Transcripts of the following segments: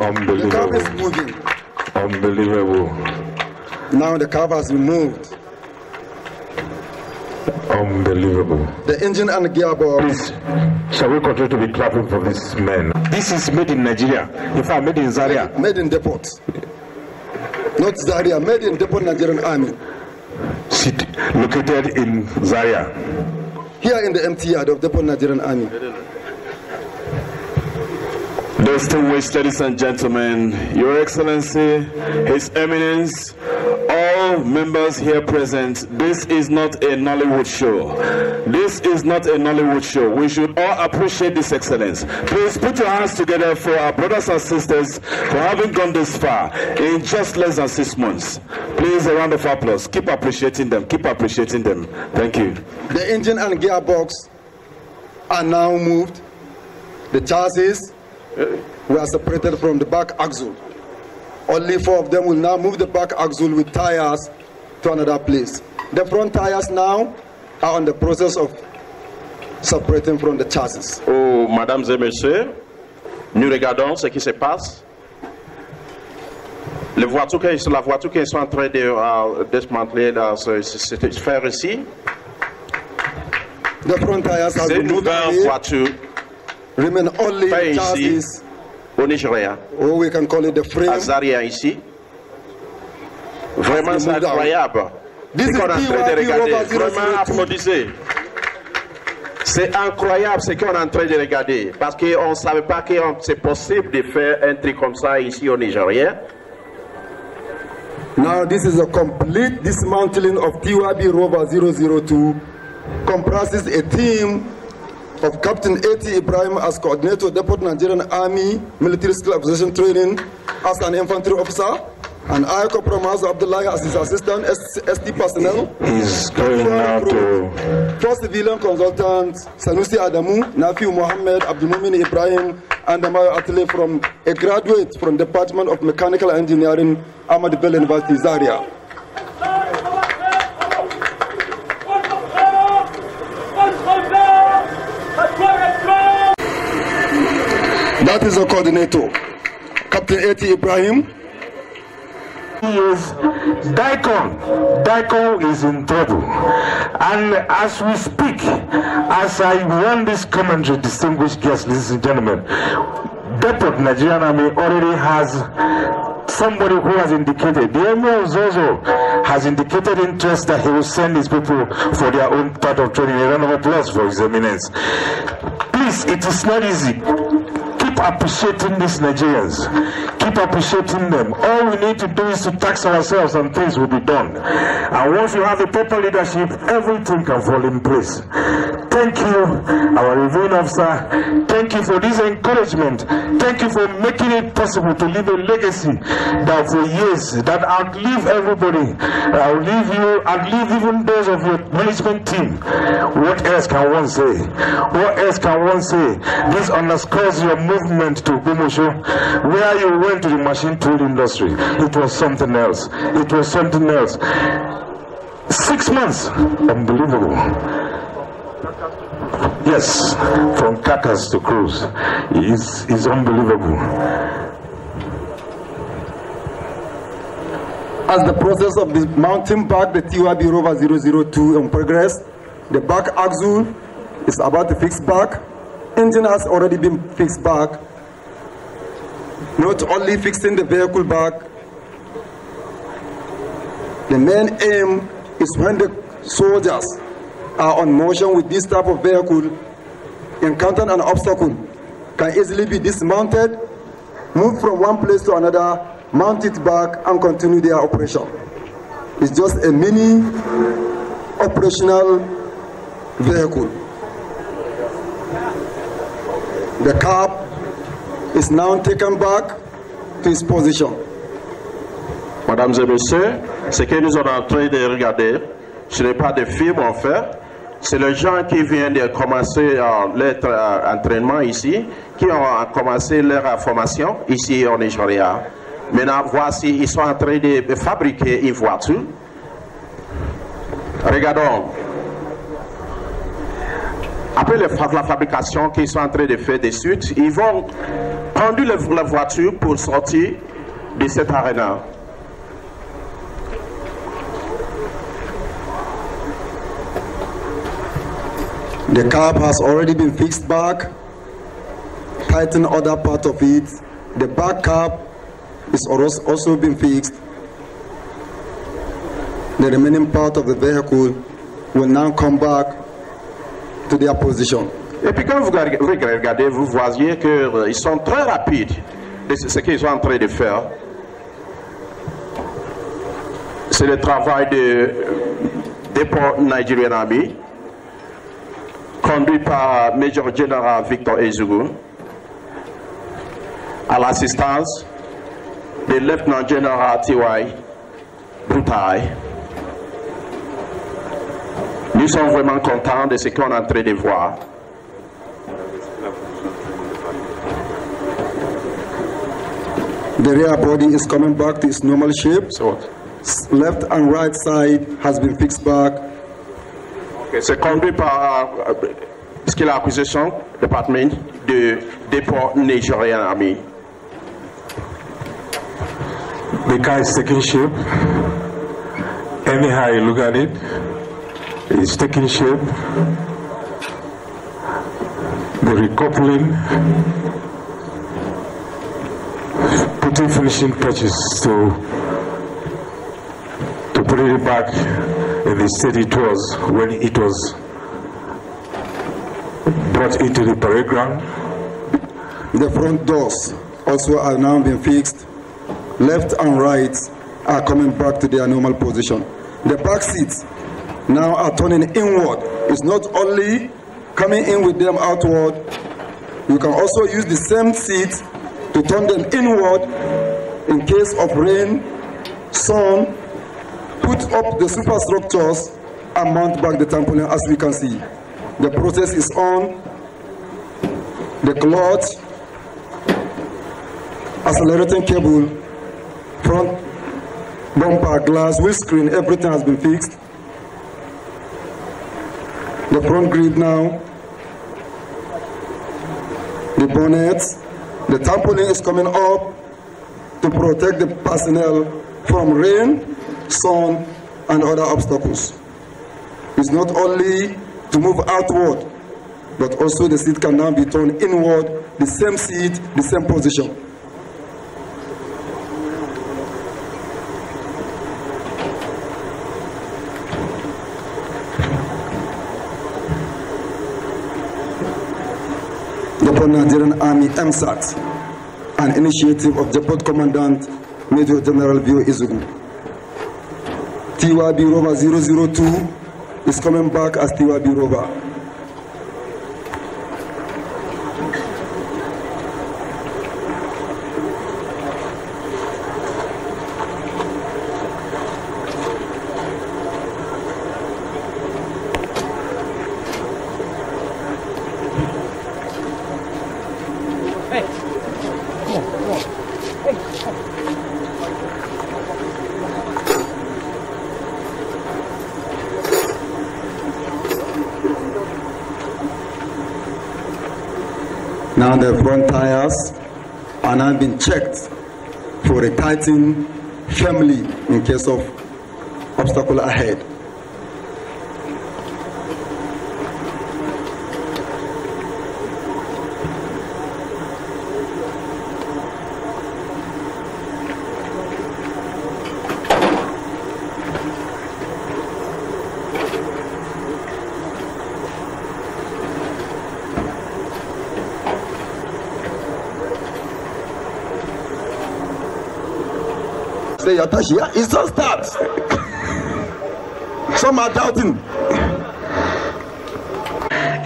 Unbelievable. The is moving. Unbelievable. Now the cover has been moved. Unbelievable. The engine and gearbox. Please, shall we continue to be clapping for this man? This is made in Nigeria. In fact, made in Zaria. Made in depot. Not Zaria, made in depot Nigerian army. City, located in Zaria. Here in the empty yard of depot Nigerian army. Distinguished ladies and gentlemen, Your Excellency, His Eminence, all members here present, this is not a Nollywood show. This is not a Nollywood show. We should all appreciate this excellence. Please put your hands together for our brothers and sisters for having gone this far in just less than six months. Please, a round of applause. Keep appreciating them. Keep appreciating them. Thank you. The engine and gearbox are now moved. The chassis are separated from the back axle. Only four of them will now move the back axle with tires to another place. The front tires now are on the process of separating from the chassis. Oh, mesdames et messieurs, nous regardons ce qui se passe. Les voitures qui, la voiture qui sont en train de uh, démanteler cette sphère ici, c'est une nouvelle voiture remain only in ici, is, au Nigeria. Or we can call it the frame. Azaria ici. Vraiment, c'est incroyable. qu'on est en train de regarder, vraiment applaudissez. C'est incroyable ce qu'on est en train de regarder, parce qu'on ne savait pas que c'est possible de faire un truc comme ça ici au Nigeria. Now this is a complete dismantling of TYB Rover 002, comprises a team of Captain A.T. Ibrahim as coordinator Deport Nigerian Army Military Skill Acquisition Training as an infantry officer, and I compromise Abdullah as his assistant ST personnel. He's going now to... First civilian Consultant Sanusi Adamu, Nafi Mohammed, Abdulmumin Ibrahim, and Amayo Atile from a graduate from Department of Mechanical Engineering, Ahmad Bell University, Zaria. That is the coordinator. Captain Eti Ibrahim. He is Daikon. Daikon is in trouble. And as we speak, as I run this commentary, distinguished guests, ladies and gentlemen, Depot Nigerian Army already has somebody who has indicated, the Emir Zozo has indicated interest that he will send his people for their own part of training. A round of applause for His Eminence. Please, it is not easy appreciating these Nigerians. Keep appreciating them. All we need to do is to tax ourselves and things will be done. And once you have a proper leadership, everything can fall in place. Thank you, our Revenue officer. Thank you for this encouragement. Thank you for making it possible to leave a legacy that for years that outlive everybody. I'll leave you, outlive even those of your management team. What else can one say? What else can one say? This underscores your movement movement to Gumushu, where you went to the machine tool industry, it was something else. It was something else. Six months, unbelievable. Yes, from carcass to cruise, it's, is unbelievable. as the process of the mounting back the TUIB rover 002 in progress. The back axle is about to fix back engine has already been fixed back, not only fixing the vehicle back, the main aim is when the soldiers are on motion with this type of vehicle, encountering an obstacle, can easily be dismounted, moved from one place to another, mount it back, and continue their operation. It's just a mini operational vehicle. The cap is now taken back to its position. Mesdames et messieurs, ce que nous sommes en train de regarder, ce n'est pas des films en fait, c'est les gens qui viennent de commencer euh, leur euh, entraînement ici, qui ont euh, commencé leur formation ici en Nigeria. Maintenant, voici, ils sont en train de fabriquer une voiture. Regardons après la fabrication qu'ils sont en train de faire des suites, ils vont prendre la voiture pour sortir de cette arena. The cab has already been fixed back. Tighten other part of it. The back cap is also been fixed. The remaining part of the vehicle will now come back et puis quand vous regardez, vous voyez qu'ils euh, sont très rapides de ce qu'ils sont en train de faire. C'est le travail de dépôt Nigerian Army, conduit par Major General Victor Ezugu, à l'assistance de Lieutenant General T.Y. Boutaï nous vraiment contents de ce qu'on est en train de voir. The rear body is coming back to its normal shape. So what? Left and right side has been fixed back. Okay, c'est conduit par Department the department de dépôt nigérien ami. The car is taking shape. Anyhow you look at it, is taking shape. The recoupling, putting finishing touches to to put it back in the state it was when it was brought into the parade ground. The front doors also are now being fixed. Left and right are coming back to their normal position. The back seats now are turning inward. It's not only coming in with them outward, you can also use the same seat to turn them inward in case of rain, sun, put up the superstructures and mount back the temple. as we can see. The process is on, the cloth, accelerating cable, front bumper, glass, windscreen, everything has been fixed the front grid now, the bonnets, the tamponing is coming up to protect the personnel from rain, sun, and other obstacles. It's not only to move outward, but also the seat can now be turned inward, the same seat, the same position. Nigerian Army MSAT, an initiative of Depot Commandant Major General Vio Izugu. TYB Rover 002 is coming back as TYB Rover. the front tires and have been checked for a tightening family in case of obstacle ahead. say your touch here. It's just that. Some are doubting.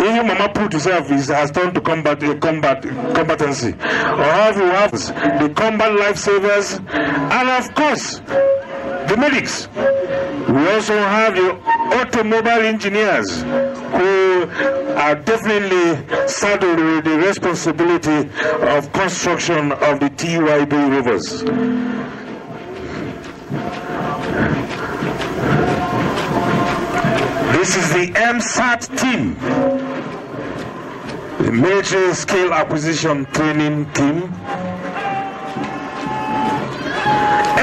Any Mama Put itself is, has turned to combat uh, combat combatancy. Or have you have the combat lifesavers and of course the medics. We also have the automobile engineers who are definitely saddled with the responsibility of construction of the TYB rivers. This is the MSAT team, the major Skill Acquisition Training Team.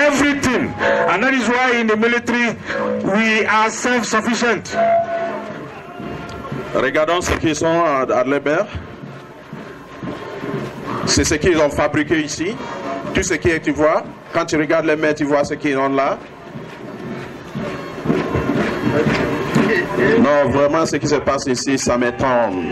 Everything, and that is why in the military we are self-sufficient. Regardons ce qu'ils sont à, à C'est ce qu'ils ont fabriqué ici. Tout ce qui est, tu vois, quand tu regardes les tu vois ce qu'ils ont là. Non, vraiment, ce qui se passe ici, ça m'étonne.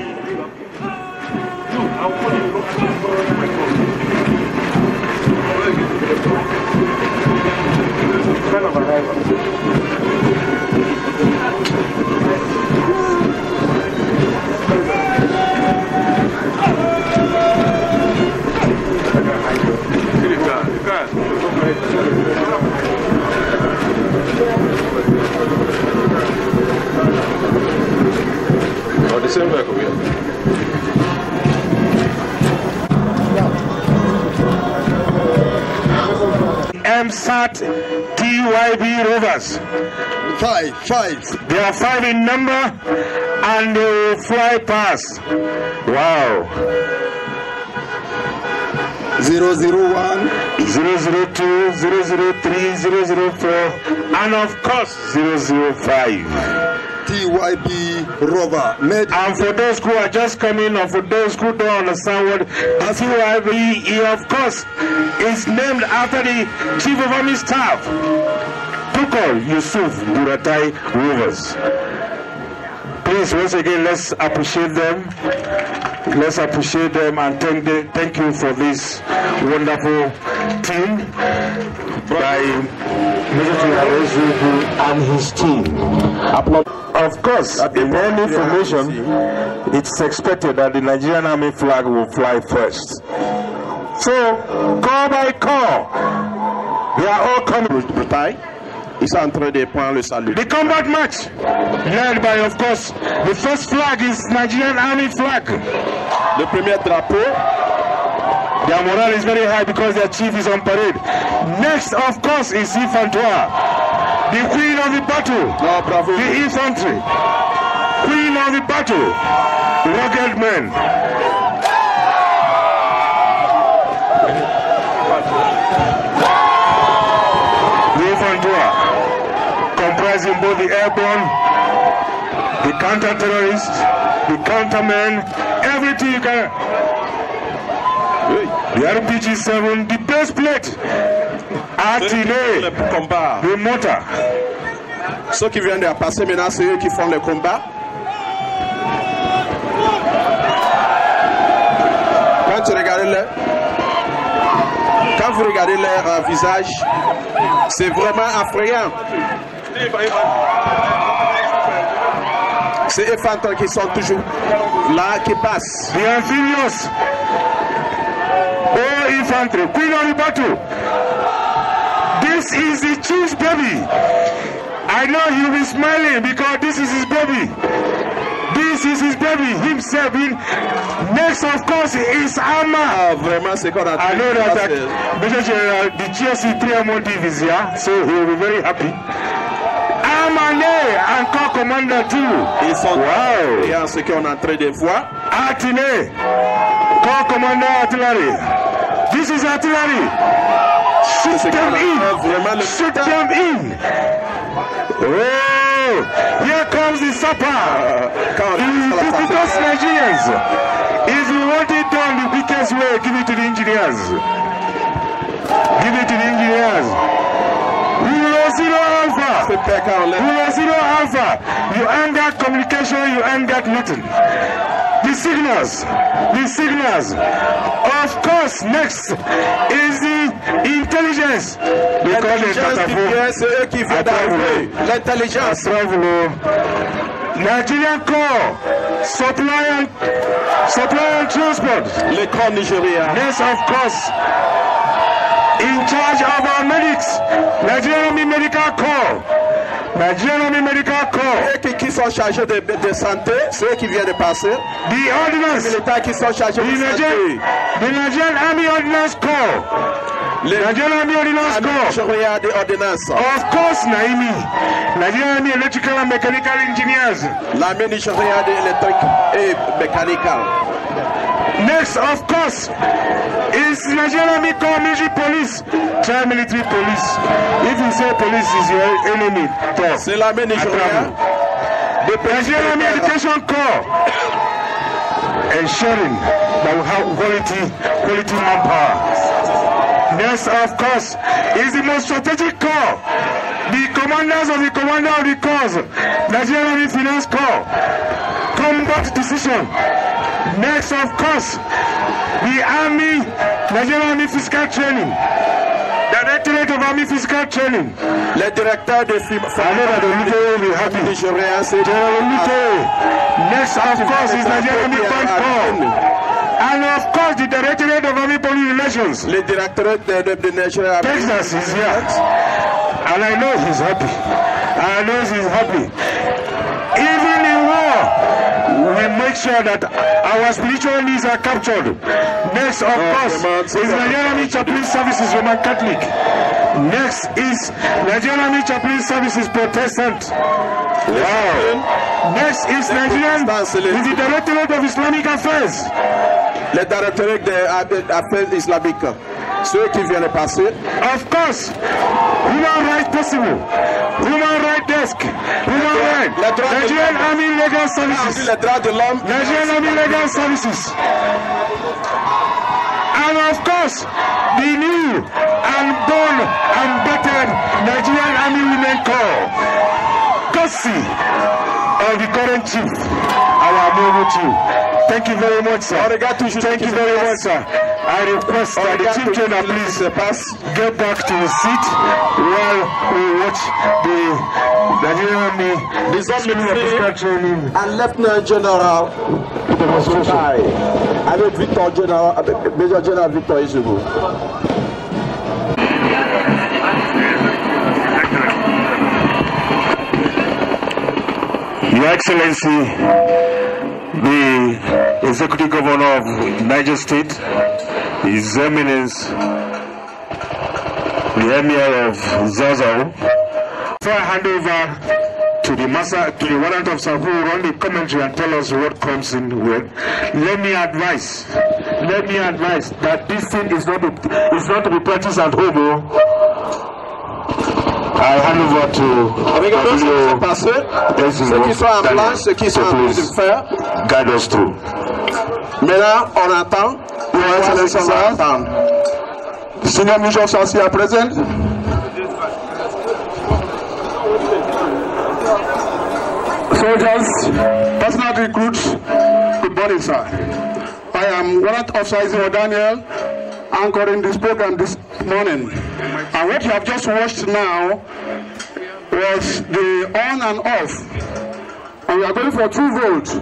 MSAT TYB Rovers. Five, five. They are five in number and they will fly past. Wow. zero, 001, 002, 003, 004, and of course 005. TYB rover. Made and for those who are just coming or for those who don't understand what TYB is, of course, is named after the chief of army staff, Tukol Yusuf Buratai Rivers. Please, once again, let's appreciate them. Let's appreciate them and thank, the, thank you for this wonderful team by Mr. Arozugu and his team. Of course, in any formation, it's expected that the Nigerian Army flag will fly first. So, call by call, they are all coming. The combat match, led by, of course, the first flag is Nigerian Army flag. The premier drapeau their morale is very high because their chief is on parade. Next, of course, is Infantoire, the queen of the battle, Bravo! the infantry, queen of the battle, rugged men. The Infantoire, comprising both the airborne, the counter-terrorists, the countermen, everything you can The RPG 7, the best plate. Attilé le Mota. Ceux qui viennent de passer maintenant, c'est eux qui font le combat. Quand tu regardes leur, quand vous regardez leur euh, visage, c'est vraiment effrayant. C'est effrayant qui sont toujours là, qui passent. Bien, Infantry, Queen Oribatu. This is the chief's baby. I know you'll be smiling because this is his baby. This is his baby himself. In, next, of course, is Ama. Uh, I know that, that Major General, the GSC 3MOD is here, so he will be very happy. Amané, encore Commander tout. Ils sont wow. et en ce qui qu'on a train de voir. Atine, corps Commander artillerie. This is artillery. Shoot them in. Shoot them in. Oh, here comes the supper. The difficult Nigerians. If you want it done the quickest way, give it to the engineers. Give it to the engineers. will Zero Alpha. will Zero Alpha. You end that communication, you end that meeting. the signals, the signals. Of course, next is the intelligence. They call it Katafo. L'intelligence. Nigerian core supply and supply and transport. Le corps Nigeria. Yes, of course. In charge of our medics, Nigerian Medical Corps. Bah, ceux qui, sont chargés de, de, santé, ceux qui viennent de passer, les militaires qui sont chargés de santé. The Nigerian Army Ordinance Corps. Army Ordinance Corps. Of course, Naimi. Nigerian Electrical and Mechanical Engineers. et Next, of course, is Nigerian Army Corps Military Police, try military police. If you say police is your enemy, talk. C'est l'armée nigérienne. The Nigerian Army Education Corps, ensuring that we have quality, quality manpower. Next, of course, is the most strategic corps. The commanders of the commander of the corps, Nigerian Army Finance Corps. combat decision next of course the army nigerian army physical training directorate of army physical training. le directeur de FIM. Anora de Luteo will happy. General Luteo. Ah. Next of course is Nigerian Army Band Corps. And of course the directorate of army police relations. le directeur de de de Nigeria Army. Texas is here. And I know he's happy. I know he's happy. and make sure that our spiritual needs are captured. Next, of course, is Nigerian Chaplain Services Roman Catholic. Next is Nigerian Chaplain Services Protestant. Wow. Next is Nigerian the Directorate of Islamic Affairs. Directorate uh, uh, Affairs uh, ceux qui viennent passer. Of course, human rights possible. Human rights desk. Human rights. Ah, Nigerian Army Legal Services. Nigerian Army Legal Services. And of course, the new and done and better Nigerian Army Women Corps. Kosi and the current chief, our noble chief. Thank you very much, sir. Thank you very much, sir. I request that the chief trainer please get back to his seat while we watch the Nigerian Army training. And Lieutenant General Kai, I mean Victor General, Major General Victor Isugu. Your Excellency, the Executive Governor of Niger State, His Eminence, the Emir of Zazao. Before I hand over to the master, to the warrant officer who run the commentary and tell us what comes in, when, let me advise, let me advise that this thing is not, to, is not to be practiced at home. Oh. I hand over to Regardons ce qui s'est passé, ceux qui sont en blanche, ceux qui sont en plus de Guide us through. Maintenant, on attend. Your Excellency, are Senior Mission Chancy are present. Soldiers, personal recruits, good morning, sir. I am Warrant Officer Daniel, anchoring this program this morning. And what you have just watched now was the on and off. And we are going for two volts.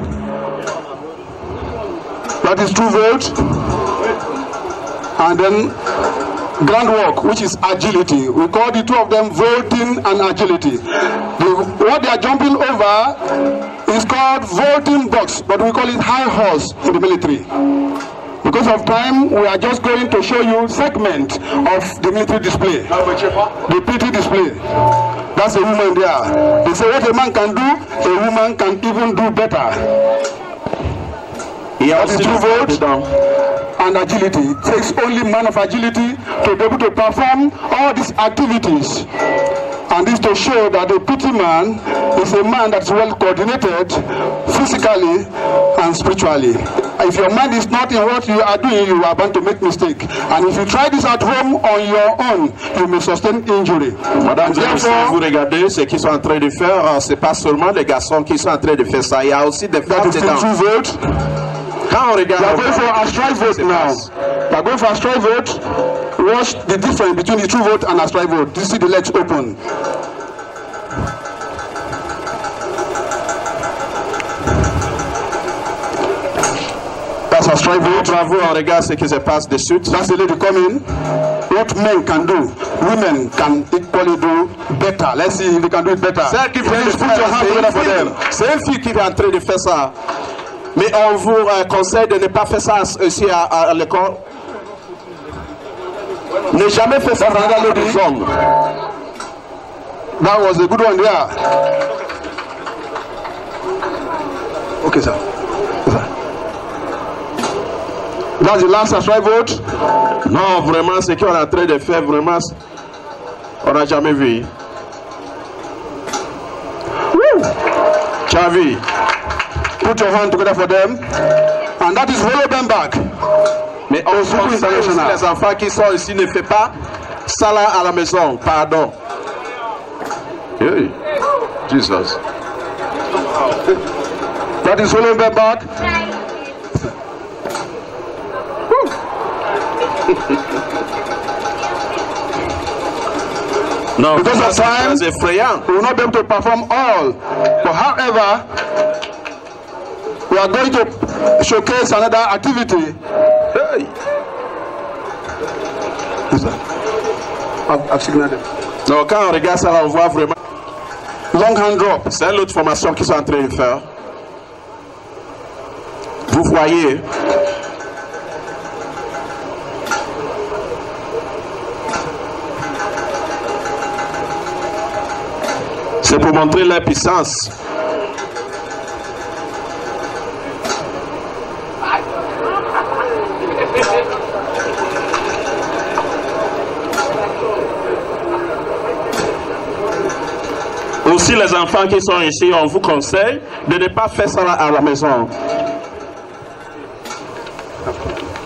That is two volts. And then ground work, which is agility. We call the two of them voting and agility. The, what they are jumping over is called voting box, but we call it high horse in the military because of time, we are just going to show you segment of the military display. The PT display. That's a woman there. They say what a man can do, a woman can even do better. He has true vote and agility. It takes only man of agility to be able to perform all these activities. And this to show that the pity man is a man that's well coordinated physically and spiritually. If your mind is not in what you are doing, you are bound to make mistake. And if you try this at home on your own, you may sustain injury. Madame, Therefore, vous regardez ce qu'ils sont en train de faire, euh, c'est pas seulement les garçons qui sont en train de faire ça, il y a aussi des femmes dedans. Quand on regarde, they are going for a strike vote now. They are going for a strike vote. Watch the difference between the true vote and astray vote? you see the legs open. That's astray vote. Bravo, on regarde ce qui se passe dessus. That's the lady coming. What men can do, women can equally do better. Let's see if they can do it better. Celle fait put your together for them. C'est une fille qui est en train de faire ça. Mais on vous euh, conseille de ne pas faire ça aussi à l'école. Ne jamais fait ça another lady song. That was a good one Yeah. Okay, sir. That's the last assurance vote. Non, vraiment, ce qu'on est en train de faire, vraiment, on n'a jamais vu. Woo! Chavi, put your hand together for them. And that is follow them back. Mais on supplie international. les enfants qui sont ici ne font pas là à la maison, pardon. Hey, Jesus. That is all over back. no, because of time, we will not be able to perform all. But however, we are going to showcase another activity. Hey. I've, I've signaled Donc quand on regarde ça, on voit vraiment long hand drop. C'est l'autre formation qu'ils sont en train de faire. Vous voyez. C'est pour montrer la puissance Si les enfants qui sont ici, on vous conseille de ne pas faire ça à la maison. I've,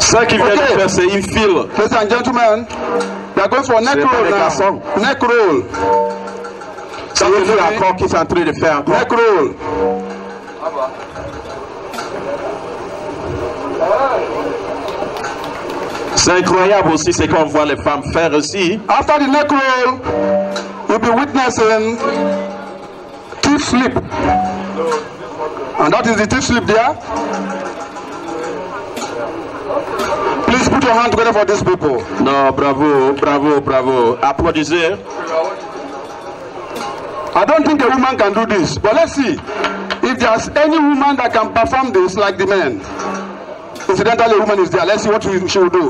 Ça qui vient de faire, c'est une file. Ladies and gentlemen, they are going for neck roll now. Neck roll. Ça, c'est l'accord qui qui en train de faire Neck roll. C'est incroyable aussi ce qu'on voit les femmes faire aussi. After the neck roll, you'll be witnessing teeth slip. And that is the teeth slip there. Please put your hand together for these people. No, bravo, bravo, bravo. Applaudissez. I don't think a woman can do this, but let's see just any woman that can perform this like the men. Incidentally, a woman is there. Let's see what she will do.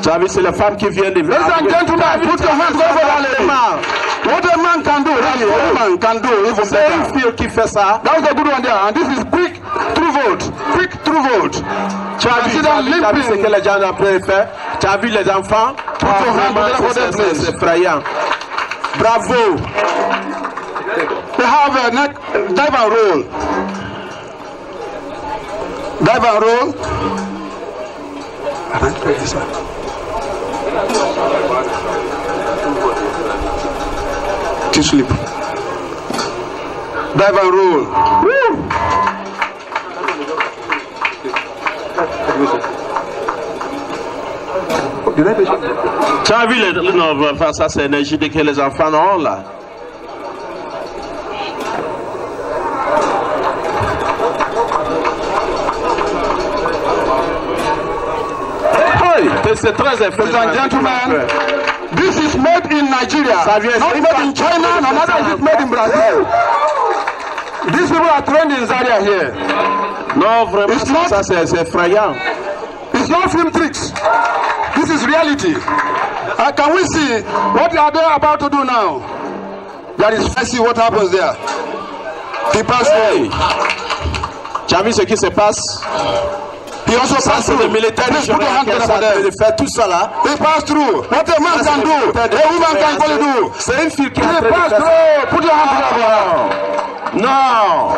Ladies and gentlemen, put your hands over the man. What a man can do, really, a woman can do even better. That was a good one there. And this is quick true vote. Quick true vote. Consider limping. Tu as vu les enfants? Put your hands over the place. Bravo. They have a neck, dive and roll. Dive and roll. And I play this one. To sleep. Dive and roll. Woo! Tu as vu le, non, ça c'est énergie que les enfants ont là. Ladies and gentlemen, this is made in Nigeria, not even in China, nor neither is it made in Brazil. These people are trained in Zaria here. No, vraiment, it's not, ça c'est It's not film tricks. This is reality. And uh, can we see what are they about to do now? That is, let's see what happens there. People hey. say. Tu as vu ce qui he also passed through. The military Please put your hand together They faire tout ça là. He passed through. What a man can do, a woman can only do. C'est une fille qui a through. Put your hand together. Now,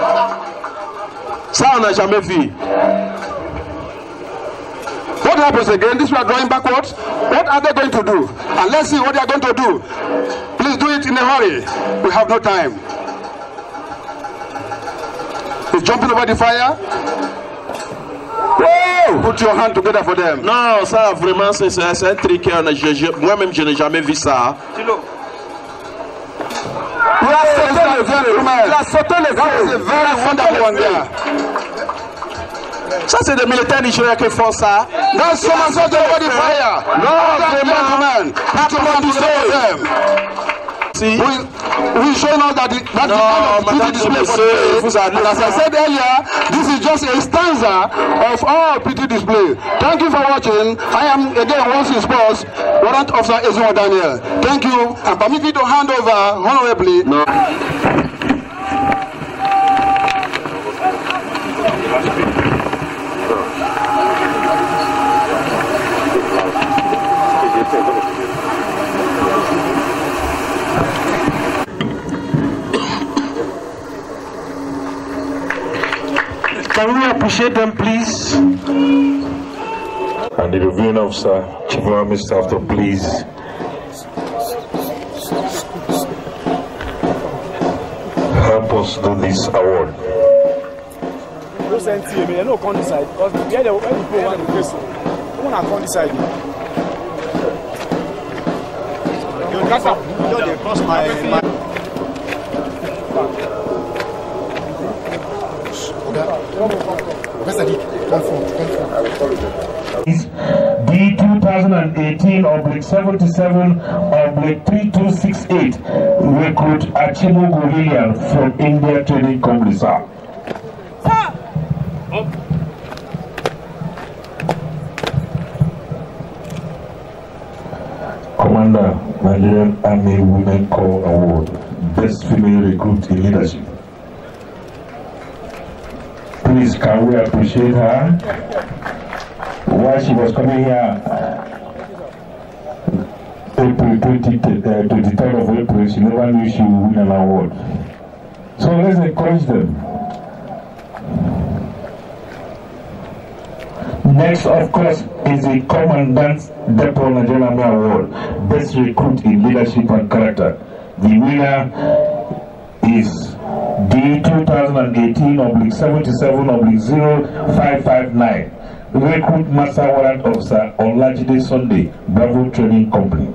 Ça, on n'a jamais vu. What happens again? This we are going backwards. What are they going to do? And let's see what they are going to do. Please do it in a hurry. We have no time. He's jumping over the fire. Put your hand together for them. Non, ça vraiment c'est un truc. Moi-même je n'ai jamais vu ça. Il La sauté les La sauter les Ça c'est des militaires nigériens qui font ça. Non, c'est much of the fire. Non, the man. Put your hand together for them. We, we now that the, that's no, the kind of display And as I said earlier, this is just a stanza of our PT display. Thank you for watching. I am again once in sports, warrant officer Ezimo Daniel. Thank you and permit me to hand over honorably. No. Thank you. Can we appreciate them, please? And the reviewing officer, Chief Mr. After, please. Help us do this award. Those NTA, they don't side to side. D 2018 oblique 77 oblique 3268 recruit Achimo from India Training Congress. Sir! Commander, Nigerian Army Women Corps Award, Best Female Recruit in Leadership. and we appreciate her. While she was coming here, April 20, uh, 23rd of April, she never knew she would win an award. So let's encourage them. Next, of course, is the Commandant Depot Nigerian Army Award, Best Recruit in Leadership and Character. The winner is D 2018 oblique 77 oblique 0559. Recruit Master Warrant Officer on Lajide Sunday, Bravo Training Company.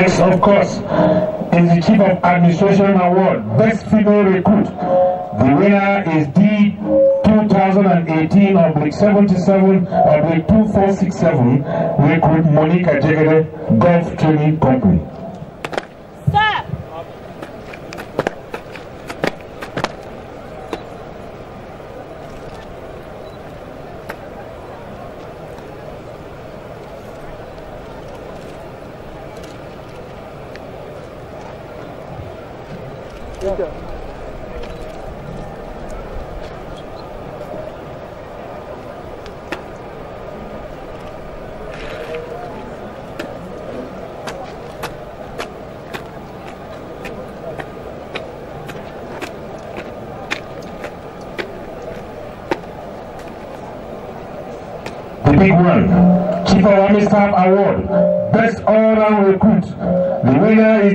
Yes, of course. Is the Chief of Administration Award, Best Female Recruit. The winner is D 2018 oblique 77 oblique 2467 recruit Monica Jegede Golf Training Company.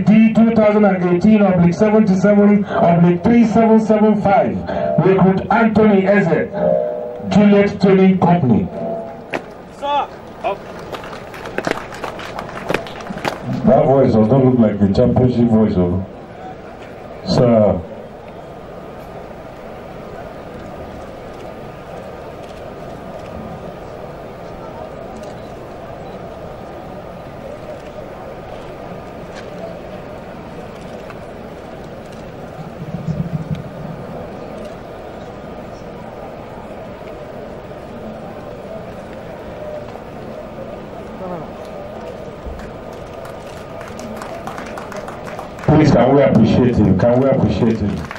D 2018 oblique 77 oblique 3775. Recruit Anthony Eze, Juliet Training Company. Sir. Oh. That voice does not look like the championship voice, of Sir. appreciate Can we appreciate it?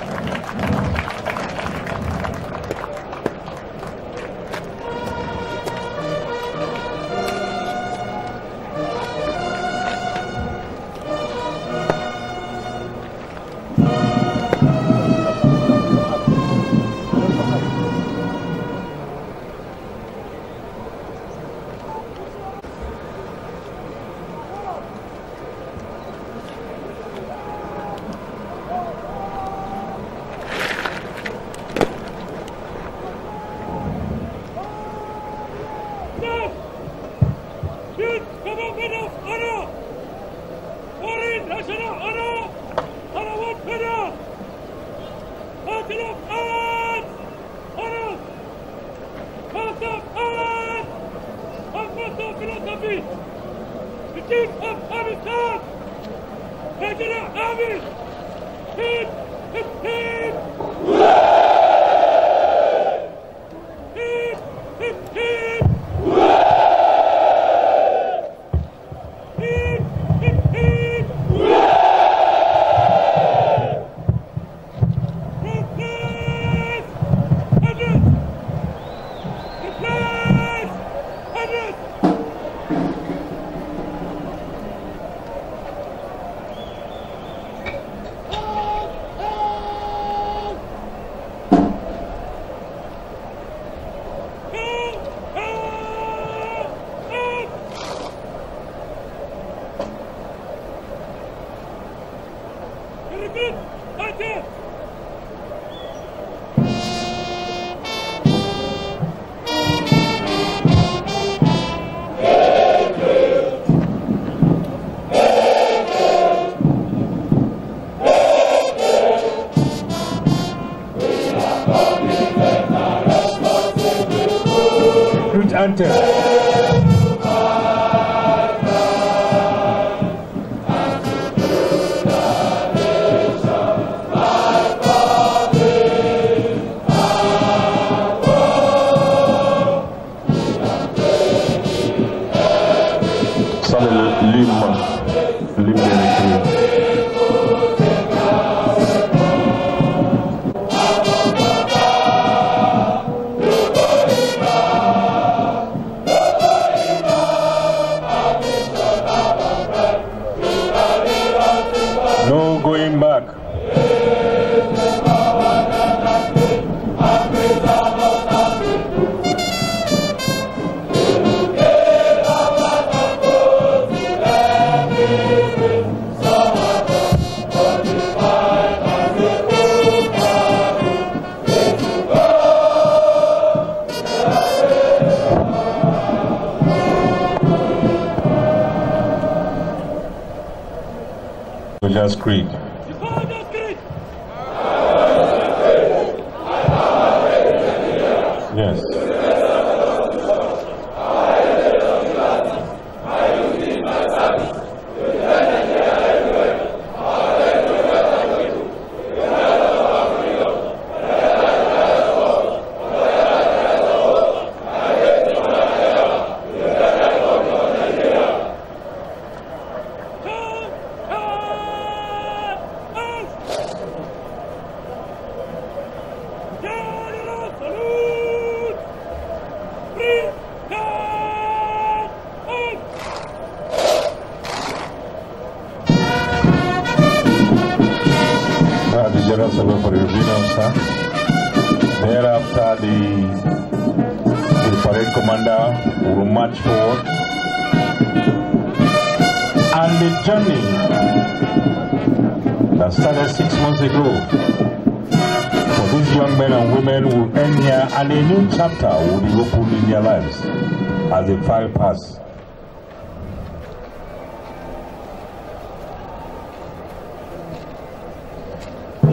Rogers Creek.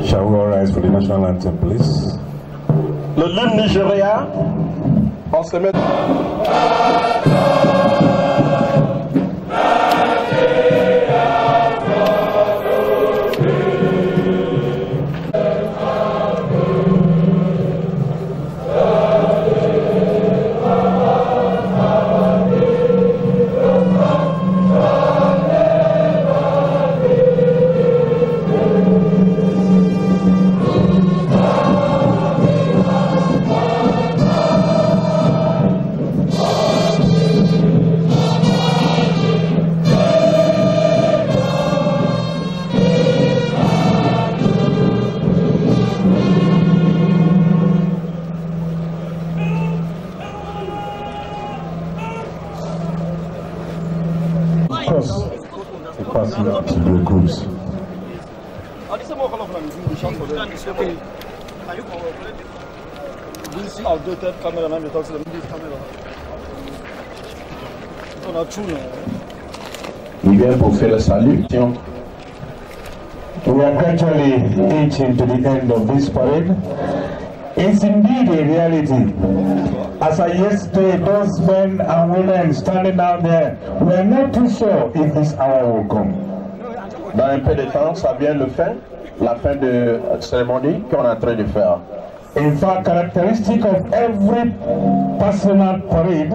Shall we all rise for the national anthem, please? Le Nigeria, on se met... On a tout là. vient pour faire la salutation. We are gradually reaching to the end of this parade. It's indeed a reality. As I yesterday, those men and women standing out there were not too sure if this hour will come. Dans un peu de temps, ça vient le fin, la fin de cérémonie qu'on est en train de faire. In fact, characteristic of every personal parade,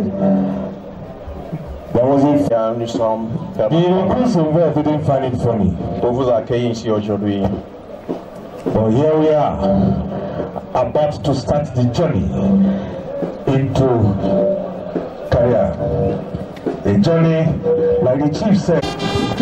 there was a family some. The recruits involved didn't find it funny. Those are keying she aujourd'hui. But here we are, about to start the journey into career. A journey, like the chief said.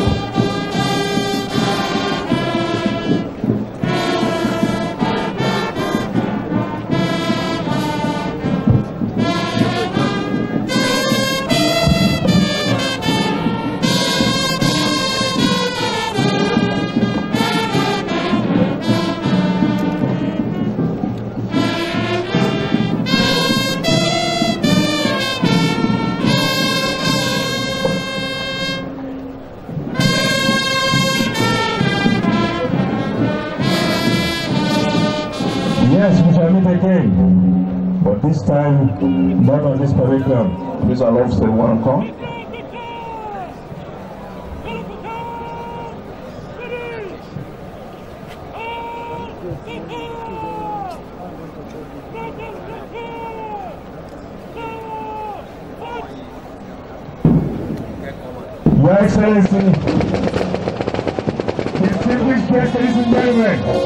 but this time not on this parade Please Mr. Lobster, to come? Your Excellency, distinguished guests, ladies and gentlemen,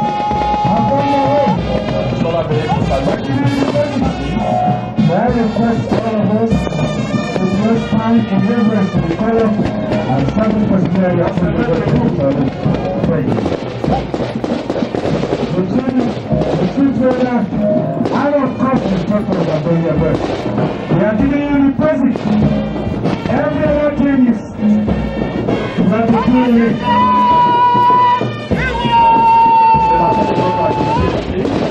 I request all of us first time in reverence to the call of and sacrifice Mary after the truth of The truth, the truth I don't trust the people of they are with. are giving you the present. Every other thing is, that they do it. Thank you.